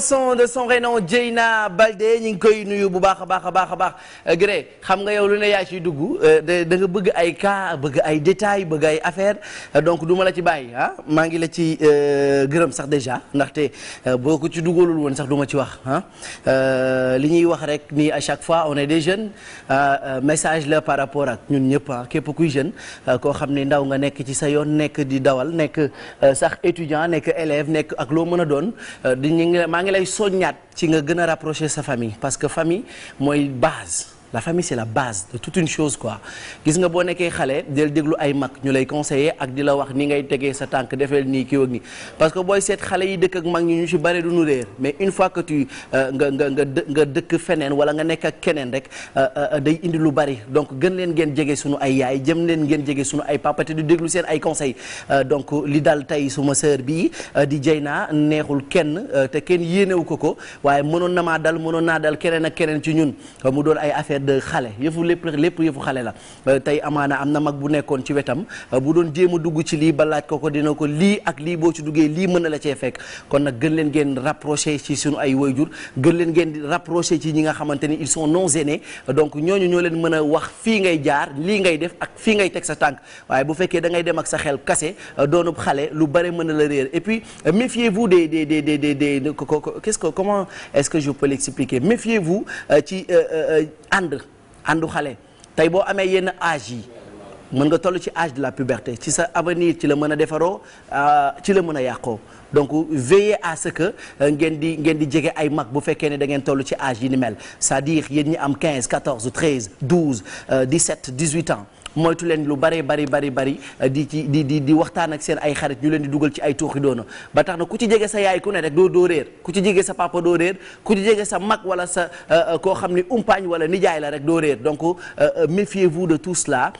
son de son jëy naa Baldé ñu ngi koy nuyu bu baax a baax a baax a baax euh, gré xam nga yow lu ne yaa ciy dugg euh, da nga bëgg ay cas bëgg ay détails bëgg ay affaire euh, donc duma la ci bàyyi ah maa ngi la ci gërëm sax déjà ndaxte boo ko ci dugalul woon sax duma ci wax ah li ñuy wax rek nii à chaque fois on est des jeunes ah, message la par rapport ak ñun ñëpp ah képp kuy jeune koo xam ni ndaw nga nekk ci sa yoon nekk di dawal nekk sax étudiant nekk élève nekk ak loo mën a doon ngi lay soññaat ci nga gën a rapprocher sa famille parce que famille mooy base la famille c'est la base de toute une chose quoi gis nga boo nekkee xale del déglu ay mag ñu lay conseiller ak di la wax ni ngay tegee sa tànk defeel nii kii ak nii parce que booy seet xale yi dëkk ak mag ñi ñu ci bare du ñu réer mais une fois que tu euh, nga nga nga dëkk feneen wala nga nekk ak keneen rek euh, euh, day indi lu bari donc gën leen ngeen jege sunu ay yaay jëm leen ngeen jege sunu ay papa te di déglu seen ay conseils donc li dal tey suma sœur bi di Dieyna neexul kenn te kenn yéenewu ko ko waaye mënoon na maa dal mënoon naa dal keneen ak keneen ci ñun de xale yëfu lépp lépp yëfu xale la euh, tey amaana am na mag bu nekkoon ci wetam euh, bu doon jéem a dugg ci lii ba laaj ko ko dina ko lii ak lii boo ci duggee lii mën na la cee fekk kon nag gën leen geen rapproché ci suñu ay jur gën leen geen di rapproché ci ñi nga xamante ni ils sont non aînés donc ñooñu ñoo leen mën a wax fii ngay jaar lii ngay def ak fii ngay teg sa tànk waaye bu fekkee da ngay dem ak sa xel kase euh, doonub xale lu bare mën na la réer et puis méfiez-vous des des des des des qu'est-ce que comment est-ce que je peux l'expliquer méfiez-vous ci ànd àndu xale tey boo amee yenn âge mën nga toll ci âge de la puberté ci sa avenir ci la mën a defaroo euh, ci la mën a yàqoo donc veillez à ce que euh, ngeen di ngeen di jege ay mag bu fekkee ne da ngeen toll ci âge yi ni mel c'est-à-dire yéen ñi am 15 14 13 12 17 18 ans. moytu leen lu bari bari bari bari euh, di ci di di di waxtaan ak seen ay xarit ñu leen di dugal ci ay tuuxi doona ba tax na ku ci jege sa yaay ku ne rek doo doo ku ci jege sa papa doo réer ku ci jege sa mag wala sa koo xam ni umpaañ wala nijaay la rek doo donc méfiez-vous de tout cela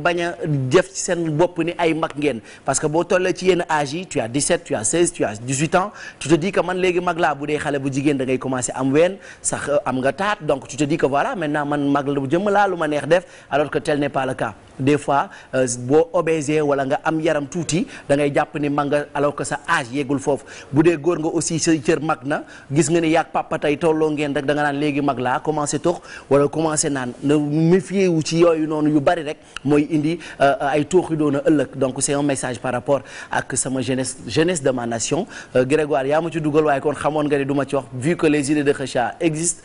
bañ a def ci seen bopp ni ay mag ngeen parce que boo tollee ci yenn âge yi tu as 17 tu as 16 tu as 18 ans tu te dis que man léegi mag la bu dee xale bu jigéen da ngay commencer am ween sax am nga taat donc tu te dis que voilà maintenant man mag la bu jëmm laa lu ma neex def alors que tel n'est pas le cas des fois euh, boo obésé wala nga am yaram tuuti da ngay jàpp ni mag nga alors sa âge yeegul foofu bu dee góor nga aussi sa cër mag na gis nga ni yaag papa tey tolloo ngeen rek da nga naan léegi mag laa commencé tox wala commencé naan na méfier wu ci yooyu noonu yu bari rek mooy indi euh, ay tooxi doona ëllëg donc c'est un message par rapport ak sama jeunesse jeunesse de ma nation euh, Grégoire yaa ma ci dugal waaye kon xamoon nga ni duma ci wax vu que les idées de Kheucha existent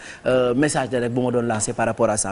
message de bu ma doon lancé par rapport à ça